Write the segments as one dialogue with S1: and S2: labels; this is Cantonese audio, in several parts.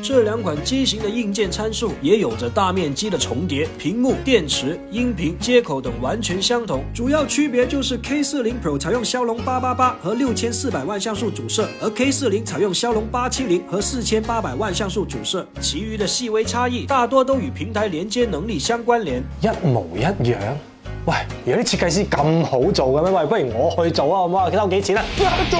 S1: 這兩款機型的硬件參數也有着大面積的重疊，屏幕、電池、音頻、接口等完全相同，主要區別就是 K40 Pro 採用驍龍八八八和六千四百萬像素主攝，而 K40 採用驍龍八七零和四千八百萬像素主攝，其餘的細微差異大多都與平台連接能力相關聯。一模一樣？喂，有啲設計師咁好做嘅咩？喂，不如我去做啊，好唔好啊？收我幾錢啊？啊。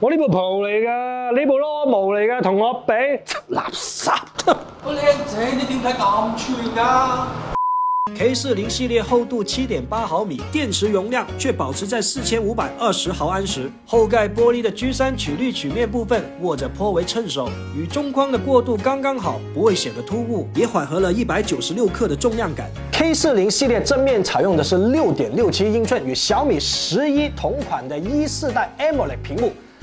S1: 我呢部薄嚟噶，呢部囉毛嚟噶，同我比，垃圾！阿靚仔，你點睇咁串噶？K40 系列厚度7.8毫米，電池容量卻保持在4520毫安時。後蓋玻璃的 G3 曲率曲面部分握着頗為趁手，與中框的過渡剛剛好，不會顯得突兀，也緩和了一百九十六克的重量感。K40 系列正面採用的是六點六七英寸，與小米十一同款的 E4 代 AMOLED 屏幕。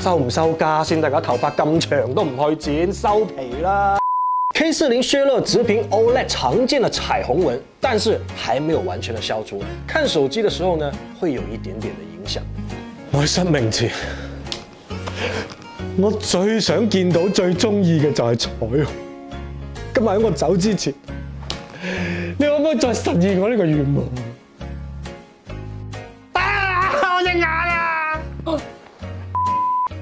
S1: 收唔收家先？大家頭髮咁長都唔去剪，收皮啦。K40 削弱直屏 OLED 常見嘅彩虹紋，但是還沒有完全嘅消除。看手機嘅時候呢，會有一點點嘅影響。我喺失明前，我最想見到、最中意嘅就係彩虹。今日喺我走之前，你可唔可以再實現我呢個願望？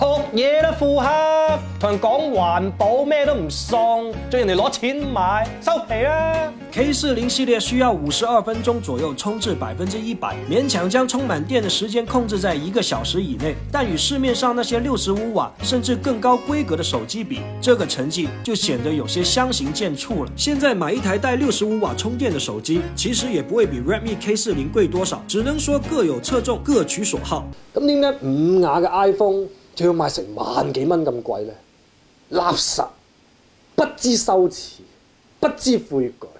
S1: 學嘢啦，腹黑同人講環保咩都唔送，將人哋攞錢買收皮啦，啊。K 四零系列需要五十二分鐘左右充至百分之一百，勉強將充滿電的時間控制在一個小時以內。但與市面上那些六十五瓦甚至更高規格的手機比，這個成績就顯得有些相形見絀了。現在買一台帶六十五瓦充電的手機，其實也不會比 Redmi K 四零貴多少，只能說各有側重，各取所好。咁點解五瓦嘅 iPhone 要賣成萬幾蚊咁貴呢？垃圾，不知羞恥，不知悔改。